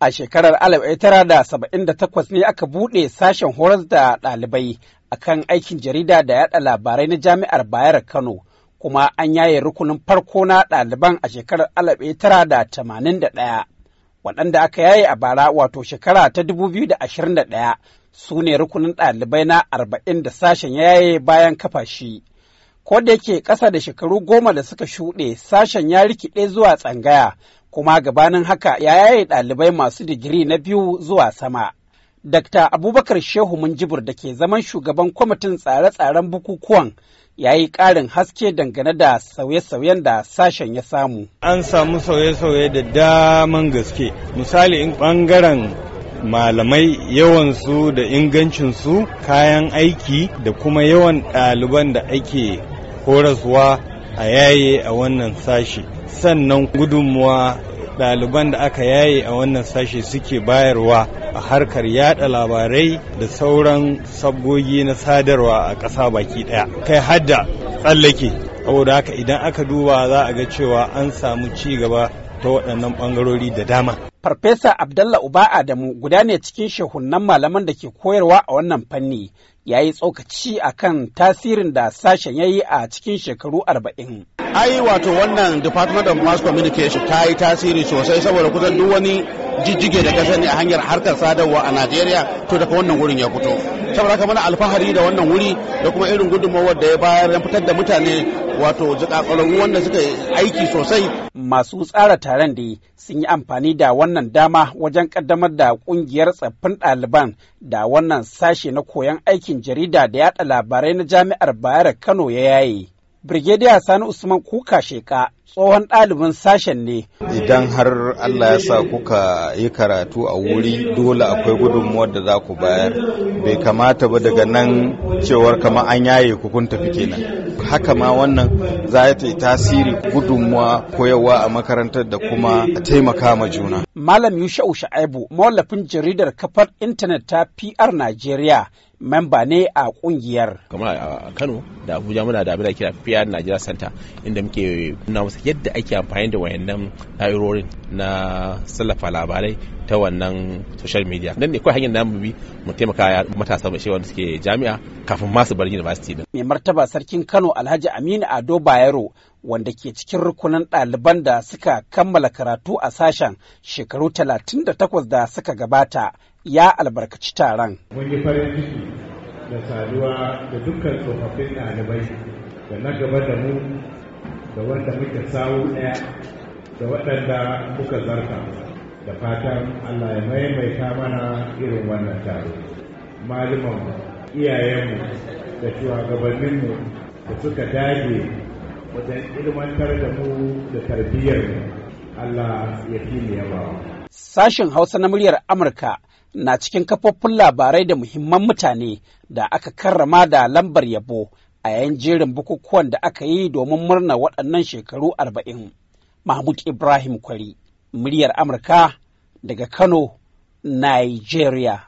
A shekarar 1978 ne aka buɗe sashen horar da ɗalibai kan aikin jarida da yaɗa labarai na jami'ar Bayar Kano, kuma an yaye rukunin farko na ɗaliban a shekarar 1981. Waɗanda aka yaye a bara wato shekara ta 2021 su ne rukunin ɗalibai na 40 da sashen ya yaye bayan kafa shi. Ko da yake ƙasa da shekaru goma da suka shuɗe sashen ya rikiɗe zuwa tsangaya. kuma gabanin haka ya yaye ɗalibai masu digiri na biyu zuwa sama. Dr. Abubakar Shehu Munjibur da ke zaman shugaban kwamitin tsare-tsaren bukukuwan ya yi ƙarin haske dangane da sauye-sauyen da sashen ya samu. An samu sauye-sauye da daman gaske. Misali in ɓangaren malamai yawansu da ingancinsu kayan aiki da kuma yawan ɗaliban da ake horaswa a yaye a wannan sashi. Sannan gudunmuwa ɗaliban da aka yaye a wannan sashe suke bayarwa a harkar yada labarai da sauran sabgogi na sadarwa a ƙasa baki ɗaya kai hadda tsallake saboda haka idan aka duba za a ga cewa an samu ci gaba ta waɗannan ɓangarori da dama Farfesa Abdallah Uba Adamu guda ne cikin shehunan malaman da ke koyarwa a wannan fanni ya yi tsokaci a kan tasirin da sashen ya yi a cikin shekaru arba'in. ai wato wannan department of mass communication ta yi tasiri sosai saboda kusan duk wani jijjige da kasani a hanyar harkar sadarwa a najeriya to daga wannan wurin ya fito saboda haka mana alfahari da wannan wuri da kuma irin gudunmawar da ya bayar da fitar da mutane wato jikakwararru wanda suka aiki sosai masu tsara taron da sun yi amfani da wannan dama wajen kaddamar da kungiyar tsaffin ɗaliban da wannan sashe na koyon aikin jarida da yada labarai na jami'ar bayar kano ya yaye Brigadier Sani Usman kuka sheka tsohon ɗalibin sashen ne. Idan har Allah ya sa kuka yi karatu a wuri dole akwai gudunmuwar da za ku bayar. Bai kamata ba daga nan cewar kama an yaye kukun tafi kenan. Haka ma wannan za ta yi tasiri gudunmuwa koyarwa a makarantar da kuma a taimaka ma juna. Malam Yusha'u Sha'aibu mawallafin jaridar kafar intanet ta PR Najeriya memba ne a kungiyar. Kamar a Kano da Abuja muna da abin kira fiya Nigeria Center inda muke nuna musu yadda ake amfani da wayannan na'urorin na sallafa labarai ta wannan social media. Dan ne kawai hanyar namu bi mu taimaka matasa mai shewa suke jami'a kafin masu bar university din. Mai martaba sarkin Kano Alhaji Aminu Ado Bayero wanda ke cikin rukunin ɗaliban da suka kammala karatu a sashen shekaru 38 da suka gabata ya albarkaci taron. Mun yi farin ciki da saduwa da dukkan tsofaffin ɗalibai da na gaba da mu da wanda muke sawu ɗaya da waɗanda muka zarta da fatan Allah ya maimaita mana irin wannan taro. Malumanmu, iyayenmu da shugabanninmu da suka dage wajen ilmantar da mu da tarbiyyar Allah ya fi mu yaba. Sashen Hausa na muryar Amurka na cikin kafofin labarai da muhimman mutane da aka karrama da lambar yabo a yayin jerin bukukuwan da aka yi domin murna waɗannan shekaru arba'in. Mahmud Ibrahim Kwari, muryar Amurka daga Kano, Nigeria.